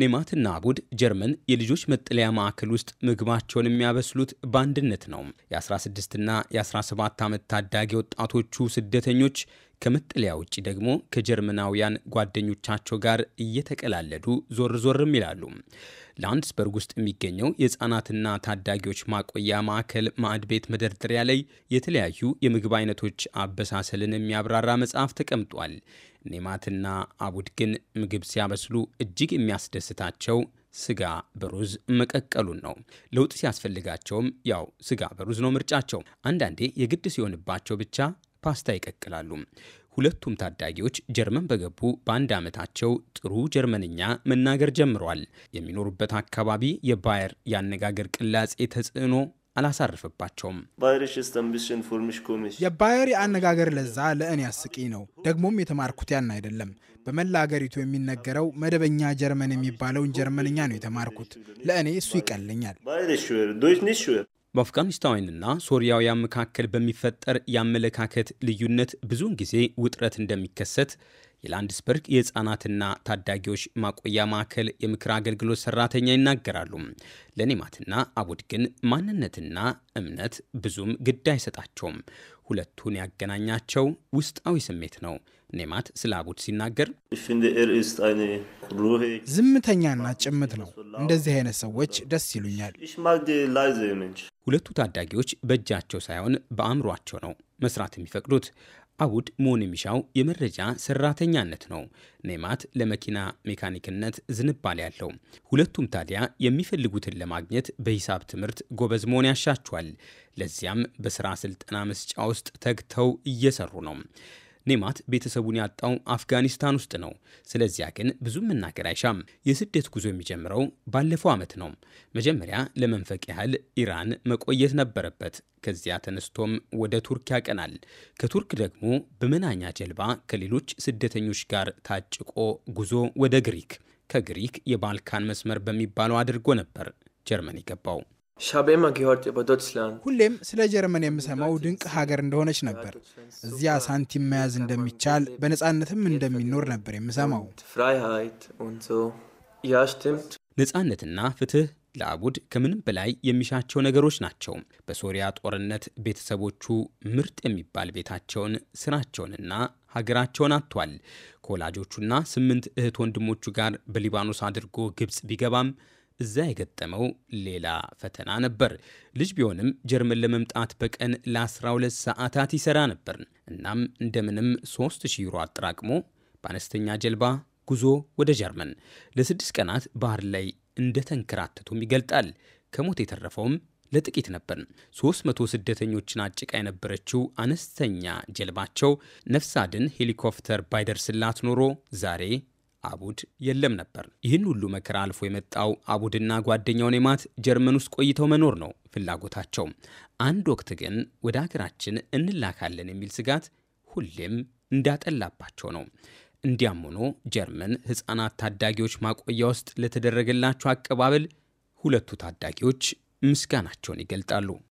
ኔማትና አቡድ ጀርመን የልጆች መጠለያ ማዕከል ውስጥ ምግባቸውን የሚያበስሉት በአንድነት ነው። የ16ና የ17 ዓመት ታዳጊ ወጣቶቹ ስደተኞች ከመጠለያ ውጭ ደግሞ ከጀርመናውያን ጓደኞቻቸው ጋር እየተቀላለዱ ዞር ዞርም ይላሉ። ላንድስበርግ ውስጥ የሚገኘው የህፃናትና ታዳጊዎች ማቆያ ማዕከል ማዕድ ቤት መደርደሪያ ላይ የተለያዩ የምግብ አይነቶች አበሳሰልን የሚያብራራ መጽሐፍ ተቀምጧል። ኔማትና አቡድ ግን ምግብ ሲያበስሉ እጅግ የሚያስደስታቸው ስጋ በሩዝ መቀቀሉን ነው። ለውጥ ሲያስፈልጋቸውም ያው ስጋ በሩዝ ነው ምርጫቸው። አንዳንዴ የግድ ሲሆንባቸው ብቻ ፓስታ ይቀቅላሉ። ሁለቱም ታዳጊዎች ጀርመን በገቡ በአንድ ዓመታቸው ጥሩ ጀርመንኛ መናገር ጀምረዋል። የሚኖሩበት አካባቢ የባየር የአነጋገር ቅላጼ ተጽዕኖ አላሳርፍባቸውም። የባየር የአነጋገር ለዛ ለእኔ አስቂኝ ነው። ደግሞም የተማርኩት ያን አይደለም። በመላ አገሪቱ የሚነገረው መደበኛ ጀርመን የሚባለውን ጀርመንኛ ነው የተማርኩት። ለእኔ እሱ ይቀልኛል። በአፍጋኒስታውያንና ሶሪያውያን መካከል በሚፈጠር የአመለካከት ልዩነት ብዙውን ጊዜ ውጥረት እንደሚከሰት የላንድስበርግ የህፃናትና ታዳጊዎች ማቆያ ማዕከል የምክር አገልግሎት ሰራተኛ ይናገራሉ። ለኔማትና አቡድ ግን ማንነትና እምነት ብዙም ግድ አይሰጣቸውም። ሁለቱን ያገናኛቸው ውስጣዊ ስሜት ነው። ኔማት ስለ አቡድ ሲናገር er ዝምተኛና ጭምት ነው። እንደዚህ አይነት ሰዎች ደስ ይሉኛል። ሁለቱ ታዳጊዎች በእጃቸው ሳይሆን በአእምሯቸው ነው መስራት የሚፈቅዱት። አውድ መሆን የሚሻው የመረጃ ሰራተኛነት ነው። ኔማት ለመኪና ሜካኒክነት ዝንባሌ ያለው፣ ሁለቱም ታዲያ የሚፈልጉትን ለማግኘት በሂሳብ ትምህርት ጎበዝ መሆን ያሻቸዋል። ለዚያም በስራ ስልጠና መስጫ ውስጥ ተግተው እየሰሩ ነው። ኔማት ቤተሰቡን ያጣው አፍጋኒስታን ውስጥ ነው። ስለዚያ ግን ብዙም መናገር አይሻም። የስደት ጉዞ የሚጀምረው ባለፈው ዓመት ነው። መጀመሪያ ለመንፈቅ ያህል ኢራን መቆየት ነበረበት። ከዚያ ተነስቶም ወደ ቱርክ ያቀናል። ከቱርክ ደግሞ በመናኛ ጀልባ ከሌሎች ስደተኞች ጋር ታጭቆ ጉዞ ወደ ግሪክ፣ ከግሪክ የባልካን መስመር በሚባለው አድርጎ ነበር ጀርመን የገባው። ሻቤማ ጊዮርጭ በዶችላንድ ሁሌም ስለ ጀርመን የምሰማው ድንቅ ሀገር እንደሆነች ነበር። እዚያ ሳንቲም መያዝ እንደሚቻል በነፃነትም እንደሚኖር ነበር የምሰማው። ነፃነትና ፍትህ ለአቡድ ከምንም በላይ የሚሻቸው ነገሮች ናቸው። በሶሪያ ጦርነት ቤተሰቦቹ ምርጥ የሚባል ቤታቸውን፣ ስራቸውንና ሀገራቸውን አጥቷል። ከወላጆቹና ስምንት እህት ወንድሞቹ ጋር በሊባኖስ አድርጎ ግብፅ ቢገባም እዛ የገጠመው ሌላ ፈተና ነበር። ልጅ ቢሆንም ጀርመን ለመምጣት በቀን ለ12 ሰዓታት ይሰራ ነበር። እናም እንደምንም 3000 ዩሮ አጠራቅሞ በአነስተኛ ጀልባ ጉዞ ወደ ጀርመን ለስድስት ቀናት ባህር ላይ እንደተንከራተቱም ይገልጣል። ከሞት የተረፈውም ለጥቂት ነበር። 300 ስደተኞችን አጭቃ የነበረችው አነስተኛ ጀልባቸው ነፍስ አድን ሄሊኮፕተር ባይደርስላት ኖሮ ዛሬ አቡድ የለም ነበር። ይህን ሁሉ መከራ አልፎ የመጣው አቡድና ጓደኛውን የማት ጀርመን ውስጥ ቆይተው መኖር ነው ፍላጎታቸው። አንድ ወቅት ግን ወደ ሀገራችን እንላካለን የሚል ስጋት ሁሌም እንዳጠላባቸው ነው። እንዲያም ሆኖ ጀርመን ሕፃናት ታዳጊዎች ማቆያ ውስጥ ለተደረገላቸው አቀባበል ሁለቱ ታዳጊዎች ምስጋናቸውን ይገልጣሉ።